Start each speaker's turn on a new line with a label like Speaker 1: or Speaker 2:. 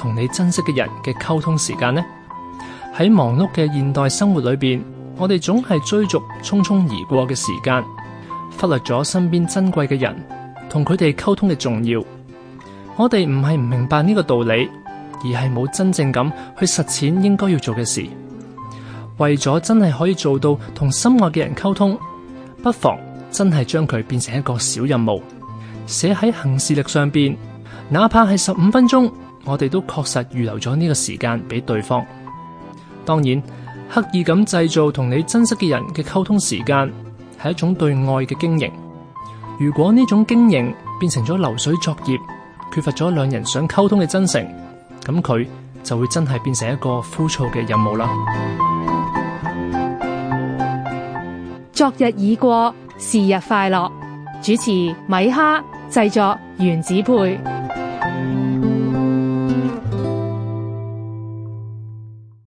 Speaker 1: 同你珍惜嘅人嘅溝通時間呢？喺忙碌嘅現代生活裏邊，我哋總係追逐匆匆而過嘅時間，忽略咗身邊珍貴嘅人同佢哋溝通嘅重要。我哋唔係唔明白呢個道理，而係冇真正咁去實踐應該要做嘅事。為咗真係可以做到同心愛嘅人溝通，不妨真係將佢變成一個小任務，寫喺行事曆上邊，哪怕係十五分鐘。我哋都確實預留咗呢個時間俾對方。當然，刻意咁製造同你珍惜嘅人嘅溝通時間，係一種對愛嘅經營。如果呢種經營變成咗流水作業，缺乏咗兩人想溝通嘅真誠，咁佢就會真係變成一個枯燥嘅任務啦。
Speaker 2: 昨日已過，是日快樂。主持米哈，製作原子配。